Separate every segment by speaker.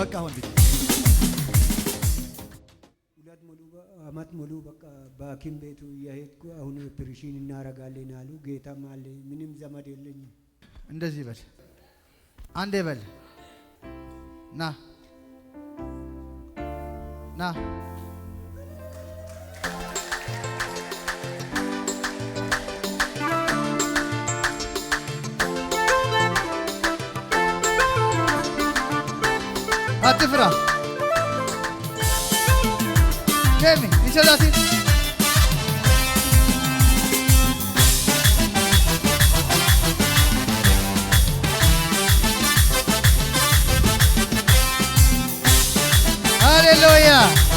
Speaker 1: በቃ አሁን ሁለት ሙሉ አመት ሙሉ በቃ በሐኪም ቤቱ እየሄድኩ አሁን ኦፕሬሽን እናደርጋለን አሉ። ጌታም አለ ምንም ዘመድ የለኝም። እንደዚህ በል አንዴ በል ና ና Atifra. Jamie, dice así. Aleluya.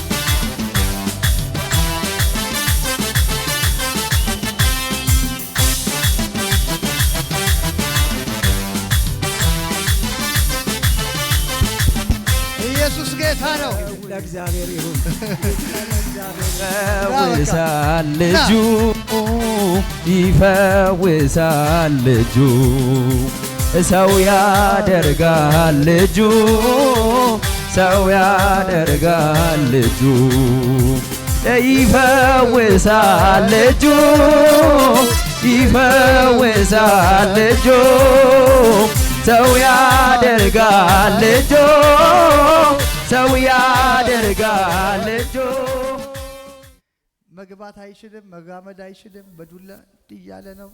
Speaker 1: ኢየሱስ ጌታ ነው።
Speaker 2: ይፈውሳል ልጁ ይፈውሳል ልጁ ሰው ያደርጋል ልጁ ሰው ያደርጋል ልጁ ይፈውሳል ልጁ ይፈውሳል ልጁ ሰው ያደርጋል ልጁ ሰው ያደርጋል እጁ
Speaker 1: መግባት አይችልም፣ መጋመድ አይችልም። በዱላ እያለ ነው።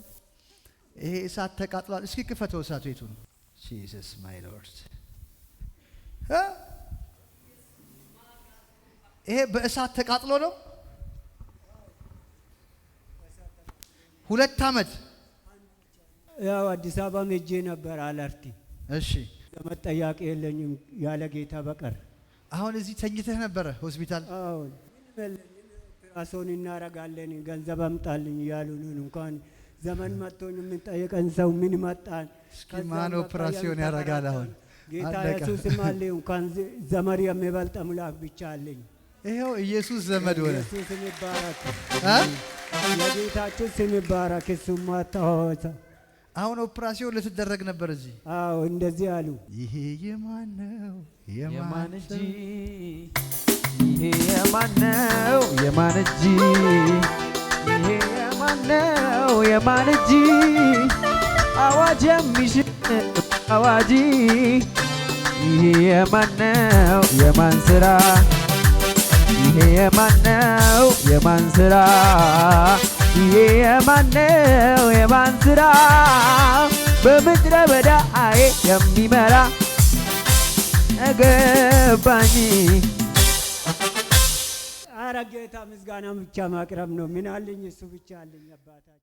Speaker 1: ይሄ እሳት ተቃጥሏል። እስኪ ክፈተው እሳት ቤቱ ነው? ጂሰስ ማይ ሎርድ። ይሄ በእሳት ተቃጥሎ ነው። ሁለት አመት
Speaker 3: ያው አዲስ አበባም ሄጄ ነበር አለርቲ። እሺ ለመጠያቅ የለኝም ያለ ጌታ በቀር
Speaker 1: አሁን እዚህ ተኝተህ ነበረ ሆስፒታል?
Speaker 3: አሁን ራስዎን እናረጋለን ገንዘብ አምጣልኝ እያሉንን እንኳን ዘመን መጥቶ የምንጠየቀን ሰው ምን መጣን?
Speaker 1: ማን ኦፕራሲዮን ያረጋል? አሁን
Speaker 3: ጌታ ኢየሱስ አለ። እንኳን ዘመድ የሚበልጥ አምላክ ብቻ አለኝ።
Speaker 1: ይኸው ኢየሱስ ዘመድ ሆነ። ኢየሱስ ይባረክ፣
Speaker 3: የጌታችን ስም ይባረክ። እሱማ ተዋወሰ
Speaker 1: አሁን ኦፕራሲዮን ልትደረግ ነበር እዚህ።
Speaker 3: አዎ እንደዚህ አሉ።
Speaker 2: ይሄ የማን ነው የማን እጅ? ይሄ የማን ነው የማን እጅ? ይሄ የማን ነው የማን እጅ? አዋጅ የሚሽር አዋጂ። ይሄ የማን ነው የማን ስራ? ይሄ የማን ነው የማን ስራ? ይሄ የማነው የማን ስራ በምድረ በዳ አዬ የሚመራ ገባኝ። አረ ጌታ ምስጋና ብቻ ማቅረብ ነው። ምን አለኝ እሱ ብቻ አለኝ አባታችን